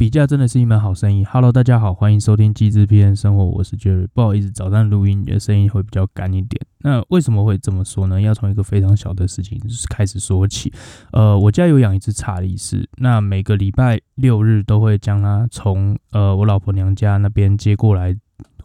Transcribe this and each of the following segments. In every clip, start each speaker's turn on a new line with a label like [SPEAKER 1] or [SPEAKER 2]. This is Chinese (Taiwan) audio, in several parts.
[SPEAKER 1] 比價真的是一門好生意。Hello，大家好，歡迎收聽《機智 n 生活》，我是 Jerry。不好意思，早上錄音，你的聲音會比較乾一點。那為什麼會這麼說呢？要從一個非常小的事情開始說起。呃，我家有養一隻查理士，那每個禮拜六日都會將它從呃我老婆娘家那邊接過來。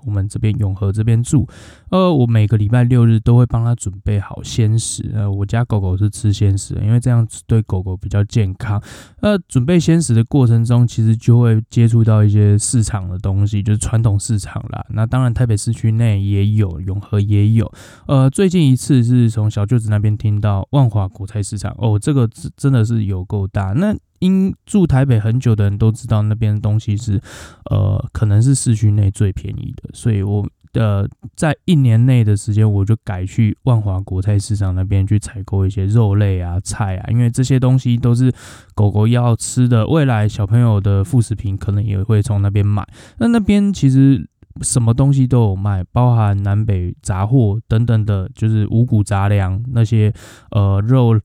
[SPEAKER 1] 我們這邊永和這邊住，呃，我每個禮拜六日都會幫他準備好鮮食，呃，我家狗狗是吃鮮食的，因為這樣子對狗狗比較健康。那、呃、準備鮮食的過程中，其實就會接觸到一些市場的東西，就是傳統市場啦。那當然台北市區內也有，永和也有。呃，最近一次是從小舅子那邊聽到萬華果菜市場，哦，這個真的是有夠大。那因住台北很久的人都知道，那邊的東西是，呃，可能是市區內最便宜的。所以我的，呃、在一年內的時間，我就改去萬華果菜市場那邊去採購一些肉類啊、菜啊，因為這些東西都是狗狗要吃的。未來小朋友的副食品可能也會從那邊買。那那邊其實什麼東西都有賣，包含南北雜貨等等的，就是五穀雜糧那些，呃，肉。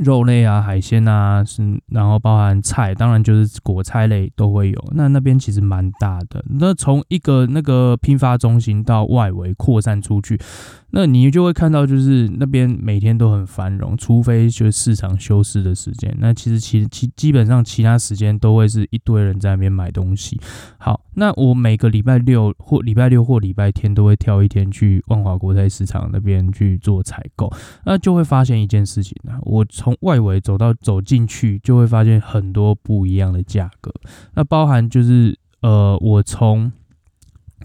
[SPEAKER 1] 肉類啊，海鮮啊，是，然後包含菜，當然就是果菜類都會有。那那邊其實蠻大的，那從一個那個批發中心到外圍擴散出去，那你就會看到，就是那邊每天都很繁榮，除非就是市場休市的時間。那其實其其基本上其他時間都會是一堆人在那邊買東西。好，那我每個禮拜六或禮拜六或禮拜天都會挑一天去萬華果菜市場那邊去做採購，那就會發現一件事情啊，我。從外圍走到走進去，就會發現很多不一樣的價格。那包含就是，呃，我從。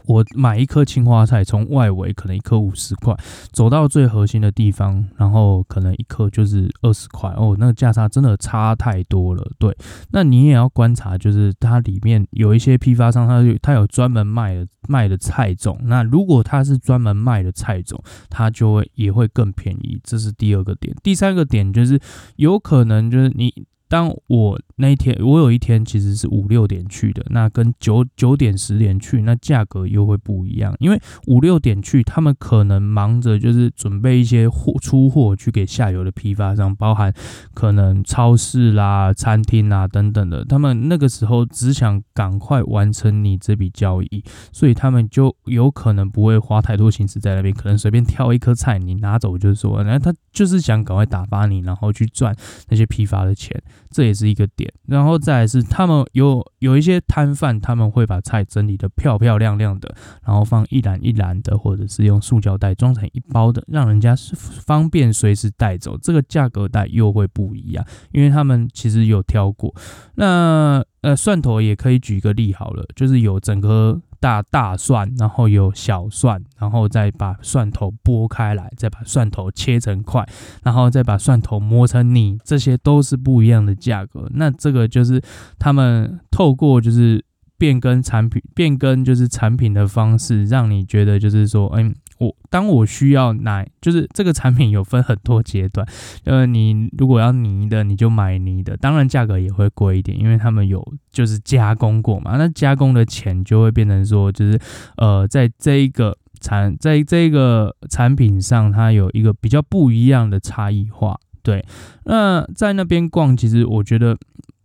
[SPEAKER 1] 我買一顆青花菜，從外圍可能一顆五十塊，走到最核心的地方，然後可能一顆就是二十塊哦，那個價差真的差太多了。對，那你也要觀察，就是它裡面有一些批發商，他有他有專門賣的賣的菜種，那如果他是專門賣的菜種，它就會也會更便宜，這是第二個點。第三個點就是有可能就是你。當我那一天，我有一天其實是五六點去的，那跟九九點十點去，那價格又會不一樣。因為五六點去，他們可能忙着就是準備一些貨出貨去給下游的批發商，包含可能超市啦、餐廳啦等等的，他們那個時候只想趕快完成你這筆交易，所以他們就有可能不會花太多心思在那邊，可能隨便挑一顆菜你拿走就是說，然後他就是想趕快打發你，然後去賺那些批發的錢。這也是一個點，然後再來是他們有有一些攤販，他們會把菜整理得漂漂亮亮的，然後放一籃一籃的，或者是用塑膠袋裝成一包的，讓人家是方便隨時帶走。這個價格帶又會不一樣，因為他們其實有挑過。那呃，蒜頭也可以舉一個例好了，就是有整個大大蒜，然後有小蒜，然後再把蒜頭剝開來，再把蒜頭切成塊，然後再把蒜頭磨成泥，這些都是不一樣的價格。那這個就是他們透過就是變更產品，變更就是產品的方式，讓你覺得就是說，嗯、欸我當我需要奶，就是這個產品有分很多階段，呃、就是，你如果要泥的，你就買泥的，當然價格也會貴一點，因為他們有就是加工過嘛，那加工的錢就會變成說，就是呃，在這一個產，在這一個產品上，它有一個比較不一樣的差異化，對。那在那邊逛，其實我覺得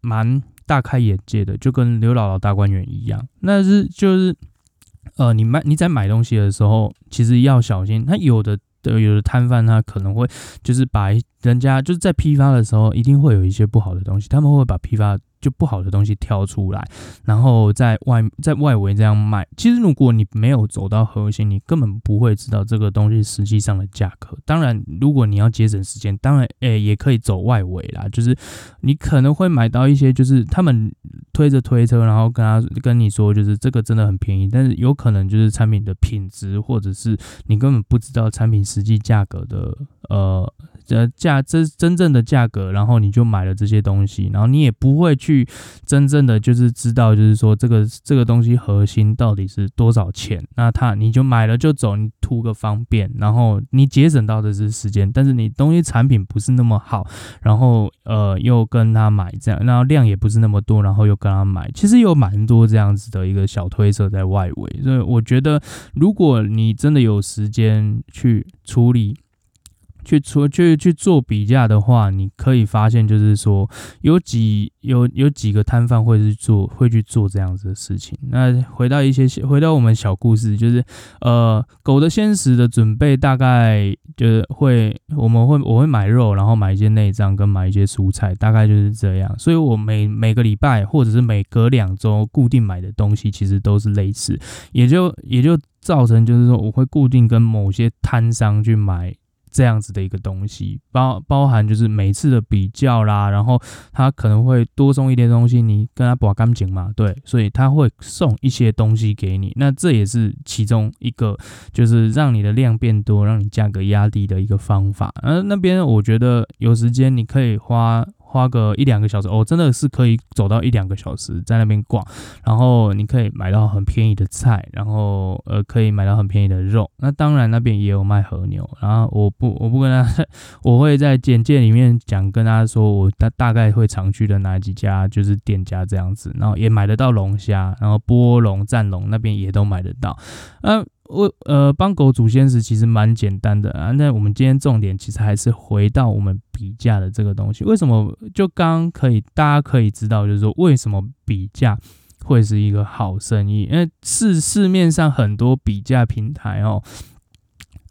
[SPEAKER 1] 蠻大開眼界的，就跟劉姥姥大觀園一樣，那是就是。呃，你買你在買東西的時候，其實要小心。他有的、呃、有的攤販，他可能會就是把人家就是在批發的時候，一定會有一些不好的東西，他們會把批發。就不好的東西挑出來，然後在外在外圍這樣賣。其實如果你沒有走到核心，你根本不會知道這個東西實際上的價格。當然，如果你要節省時間，當然，誒、欸、也可以走外圍啦。就是你可能會買到一些，就是他們推着推車，然後跟他跟你說，就是這個真的很便宜。但是有可能就是產品的品質，或者是你根本不知道產品實際價格的，呃。呃價真真正的價格，然後你就買了這些東西，然後你也不會去真正的就是知道，就是說這個這個東西核心到底是多少錢，那他你就買了就走，你圖個方便，然後你節省到的是時間，但是你東西產品不是那麼好，然後呃又跟他買這樣，然後量也不是那麼多，然後又跟他買，其實有蠻多這樣子的一個小推手在外圍，所以我覺得如果你真的有時間去處理。去做去去做比價的話，你可以發現，就是說有幾有有幾個攤販會去做會去做這樣子的事情。那回到一些回到我們小故事，就是呃狗的鮮食的準備，大概就是會我們會我會買肉，然後買一些內臟跟買一些蔬菜，大概就是這樣。所以我每每個禮拜或者是每隔兩周固定買的東西，其實都是類似，也就也就造成就是說我會固定跟某些攤商去買。這樣子的一個東西，包包含就是每次的比價啦，然後他可能會多送一點東西，你跟他博感情嘛，對，所以他會送一些東西給你，那這也是其中一個就是讓你的量變多，讓你價格壓低的一個方法。嗯，那邊我覺得有時間你可以花。花個一兩個小時，我、哦、真的是可以走到一兩個小時在那邊逛，然後你可以買到很便宜的菜，然後呃可以買到很便宜的肉。那當然那邊也有賣和牛，然後我不我不跟他。我會在簡介裡面講，跟大家說我大大概會常去的哪幾家就是店家這樣子，然後也買得到龍蝦，然後波龍、戰龍那邊也都買得到。嗯。呃幫狗祖先時，其實蠻簡單的啊，那我們今天重點其實還是回到我們比價的這個東西。為什麼就剛可以，大家可以知道，就是說為什麼比價會是一個好生意？因為市市面上很多比價平台哦。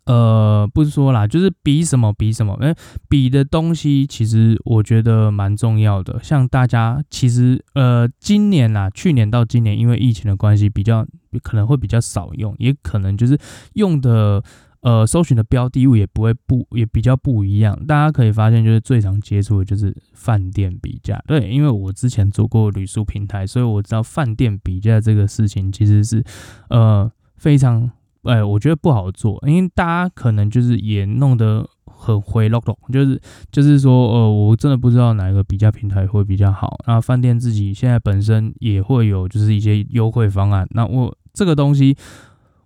[SPEAKER 1] 呃，不是說啦，就是比什麼比什麼，因為、欸、比的東西其實我覺得蠻重要的。像大家其實呃，今年啦，去年到今年，因為疫情的關係，比較可能會比較少用，也可能就是用的呃，搜尋的標的物也不會不也比較不一樣。大家可以發現，就是最常接觸的就是飯店比價，對，因為我之前做過旅宿平台，所以我知道飯店比價這個事情其實是呃非常。哎、欸，我覺得不好做，因為大家可能就是也弄得很回落動，就是就是說，呃，我真的不知道哪一個比價平台會比較好。那飯店自己現在本身也會有就是一些優惠方案，那我這個東西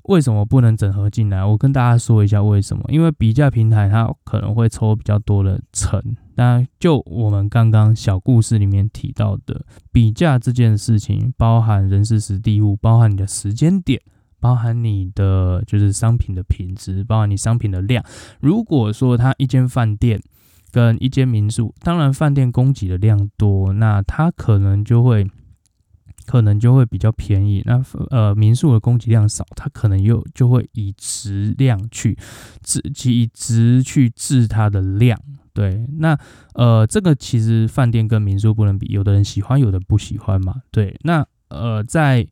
[SPEAKER 1] 為什麼不能整合進來？我跟大家說一下為什麼，因為比價平台它可能會抽比較多的成。那就我們剛剛小故事裡面提到的比價這件事情，包含人事、時地、物，包含你的時間點。包含你的就是商品的品質，包含你商品的量。如果說它一間飯店跟一間民宿，當然飯店供給的量多，那它可能就會可能就會比較便宜。那呃民宿的供給量少，它可能又就會以質量去自己以質去制它的量。對，那呃這個其實飯店跟民宿不能比，有的人喜歡，有的人不喜歡嘛。對，那呃在。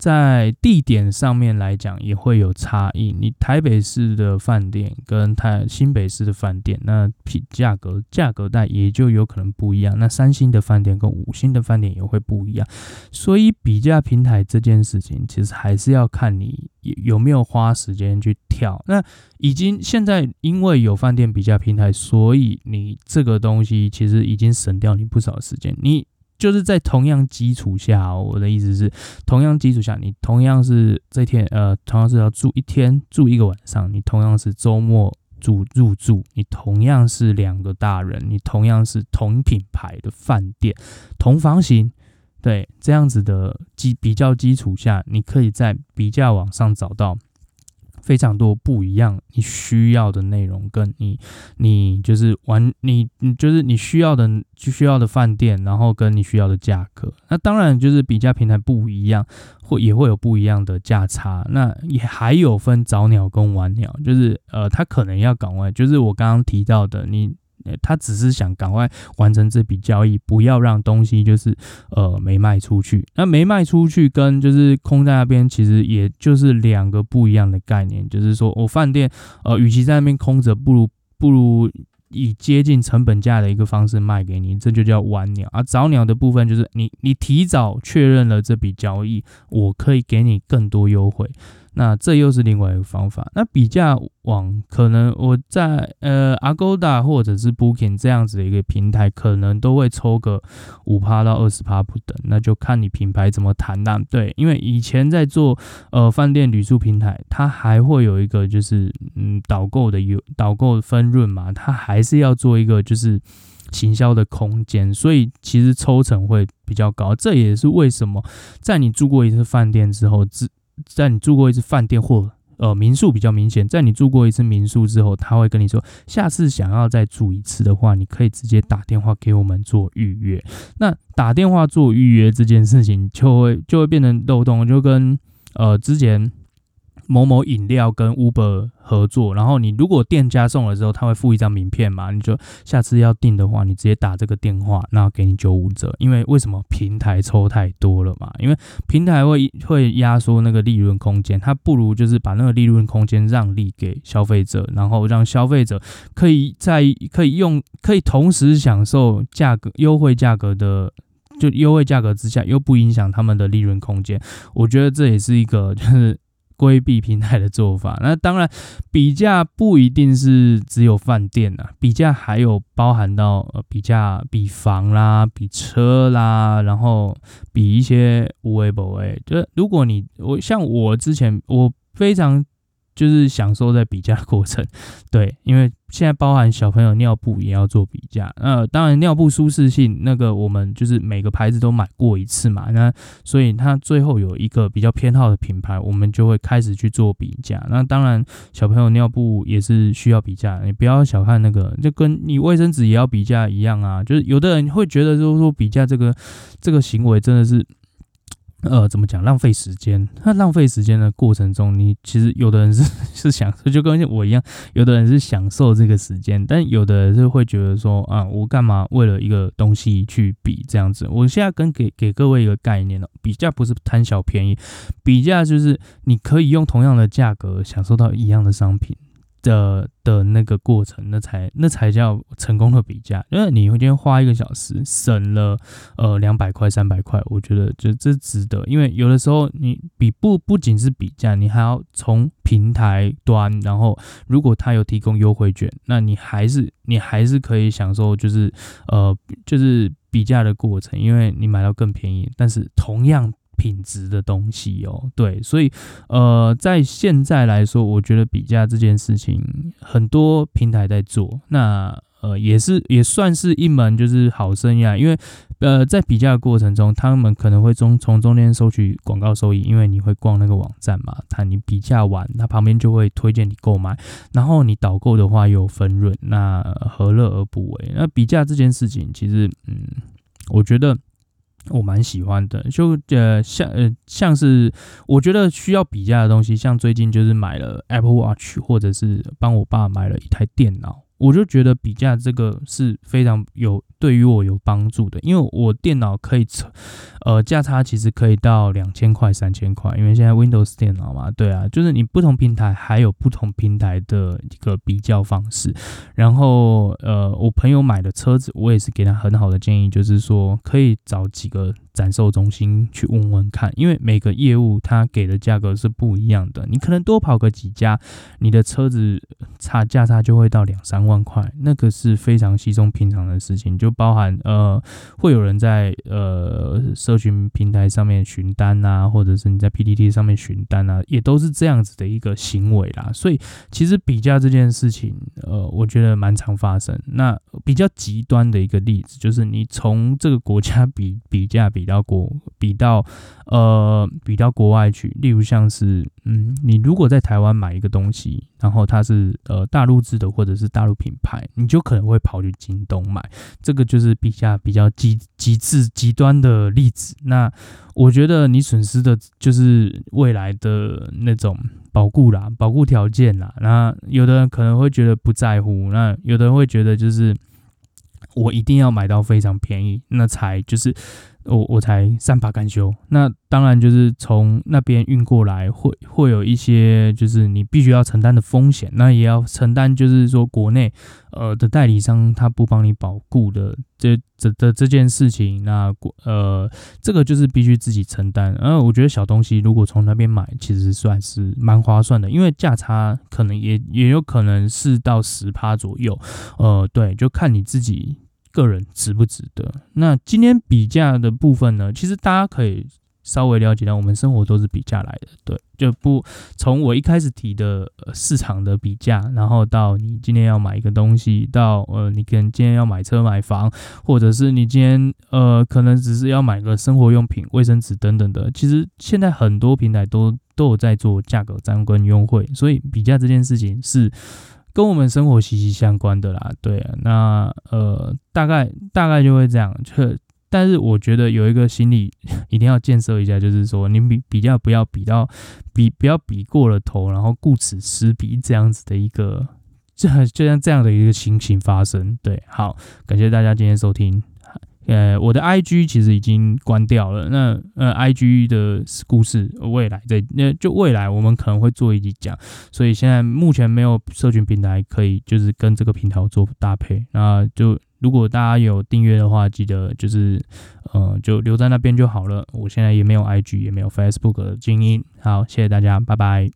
[SPEAKER 1] 在地點上面來講，也會有差異。你台北市的飯店跟台新北市的飯店，那品價格價格帶也就有可能不一樣。那三星的飯店跟五星的飯店也會不一樣。所以，比價平台這件事情，其實還是要看你有沒有花時間去挑，那已經現在因為有飯店比價平台，所以你這個東西其實已經省掉你不少時間。你。就是在同樣基礎下，我的意思是，同樣基礎下，你同樣是這天，呃，同樣是要住一天，住一個晚上，你同樣是周末住入住，你同樣是兩個大人，你同樣是同品牌的飯店，同房型，對，這樣子的基比較基礎下，你可以在比價網上找到。非常多不一樣，你需要的內容跟你你就是玩你你就是你需要的就需要的飯店，然後跟你需要的價格。那當然就是比價平台不一樣，會也會有不一樣的價差。那也還有分早鳥跟晚鳥，就是呃，他可能要崗位，就是我剛剛提到的你。他只是想趕快完成這筆交易，不要讓東西就是呃沒賣出去。那沒賣出去跟就是空在那邊，其實也就是兩個不一樣的概念。就是說我飯店呃，與其在那邊空着，不如不如以接近成本價的一個方式賣給你，這就叫晚鳥啊。早鳥的部分就是你你提早確認了這筆交易，我可以給你更多優惠。那這又是另外一個方法。那比價網可能我在呃 Agoda 或者是 Booking 這樣子的一個平台，可能都會抽個五趴到二十趴不等，那就看你品牌怎麼談了。對，因為以前在做呃飯店旅宿平台，它還會有一個就是嗯導購的有導購分潤嘛，它還是要做一個就是行銷的空間，所以其實抽成會比較高。這也是為什麼在你住過一次飯店之後，在你住過一次飯店或呃民宿比較明顯，在你住過一次民宿之後，他會跟你說，下次想要再住一次的話，你可以直接打電話給我們做預約。那打電話做預約這件事情，就會就會變成漏洞，就跟呃之前。某某飲料跟 Uber 合作，然後你如果店家送了之後，他會附一張名片嘛。你就下次要訂的話，你直接打這個電話，那給你九五折。因為為什麼？平台抽太多了嘛。因為平台會會壓縮那個利潤空間，他不如就是把那個利潤空間讓利給消費者，然後讓消費者可以在可以用可以同時享受價格優惠價格的，就優惠價格之下又不影響他們的利潤空間。我覺得這也是一個就是。規避平台的做法，那當然比價不一定是只有飯店啊，比價還有包含到呃比價比房啦、比車啦，然後比一些有的沒的。就是如果你我像我之前我非常。就是享受在比價過程，對，因為現在包含小朋友尿布也要做比價，那當然尿布舒適性那個我們就是每個牌子都買過一次嘛，那所以他最後有一個比較偏好的品牌，我們就會開始去做比價。那當然小朋友尿布也是需要比價，你不要小看那個，就跟你衛生紙也要比價一樣啊，就是有的人會覺得就是說比價這個這個行為真的是。呃，怎麼講？浪費時間。那浪費時間的過程中，你其實有的人是是享受，就跟像我一樣，有的人是享受這個時間，但有的人是會覺得說啊，我幹嘛為了一個東西去比這樣子？我現在跟給給各位一個概念了，比價不是貪小便宜，比價就是你可以用同樣的價格享受到一樣的商品。的的那個過程，那才那才叫成功的比價，因為你今天花一個小時，省了呃兩百塊三百塊，我覺得就這值得。因為有的時候你比不不僅是比價，你還要從平台端，然後如果他有提供優惠券，那你還是你還是可以享受就是呃就是比價的過程，因為你買到更便宜，但是同樣。品質的東西哦、喔，對，所以，呃，在現在來說，我覺得比價這件事情很多平台在做，那呃也是也算是一門就是好生意啊，因為呃在比價的過程中，他們可能會從從中從中間收取廣告收益，因為你會逛那個網站嘛，他你比價完，他旁邊就會推薦你購買，然後你導購的話又分潤，那何樂而不為？那比價這件事情，其實嗯，我覺得。我蠻喜歡的，就呃像呃像是我覺得需要比價的東西，像最近就是買了 Apple Watch，或者是幫我爸買了一台電腦。我就覺得比價這個是非常有對於我有幫助的，因為我電腦可以，呃，價差其實可以到兩千塊、三千塊，因為現在 Windows 電腦嘛，對啊，就是你不同平台還有不同平台的一個比較方式。然後，呃，我朋友買的車子，我也是給他很好的建議，就是說可以找幾個。展售中心去問問看，因為每個業務他給的價格是不一樣的，你可能多跑個幾家，你的車子差價差就會到兩三萬塊，那個是非常稀鬆平常的事情。就包含呃，會有人在呃，社群平台上面詢單啊，或者是你在 PTT 上面詢單啊，也都是這樣子的一個行為啦。所以其實比價這件事情，呃，我覺得蠻常發生。那比較極端的一個例子就是，你從這個國家比比價比。比到國，比到呃，比到國外去，例如像是嗯，你如果在台灣買一個東西，然後它是呃大陸制的或者是大陸品牌，你就可能會跑去京東買，這個就是比較比較極極緻極端的例子。那我覺得你損失的就是未來的那種保固啦、保固條件啦。那有的人可能會覺得不在乎，那有的人會覺得就是我一定要買到非常便宜，那才就是。我我才善罷甘休。那當然就是從那邊運過來會，會會有一些就是你必須要承擔的風險。那也要承擔，就是說國內呃的代理商他不幫你保固的這這的這，這件事情。那國呃這個就是必須自己承擔。然、呃、後我覺得小東西如果從那邊買，其實算是蠻划算的，因為價差可能也也有可能是到十趴左右。呃，對，就看你自己。個人值不值得？那今天比價的部分呢？其實大家可以稍微了解到，我們生活都是比價來的，對？就不從我一開始提的、呃、市場的比價，然後到你今天要買一個東西，到呃你可能今天要買車買房，或者是你今天呃可能只是要買個生活用品、衛生紙等等的。其實現在很多平台都都有在做價格戰跟優惠，所以比價這件事情是。跟我們生活息息相關的啦，對，那呃，大概大概就會這樣，就但是我覺得有一個心理一定要建設一下，就是說你比比較不要比到，比不要比過了頭，然後顧此失彼這樣子的一個，這就，就像這樣的一個情形發生，對，好，感謝大家今天收聽。呃、yeah，我的 I G 其實已經關掉了。那呃，I G 的故事未來在那就未來我們可能會做一集講。所以現在目前沒有社群平台可以就是跟這個平台做搭配。那就如果大家有訂閱的話，記得就是呃，就留在那邊就好了。我現在也沒有 I G，也沒有 Facebook 的經營。好，謝謝大家，拜拜。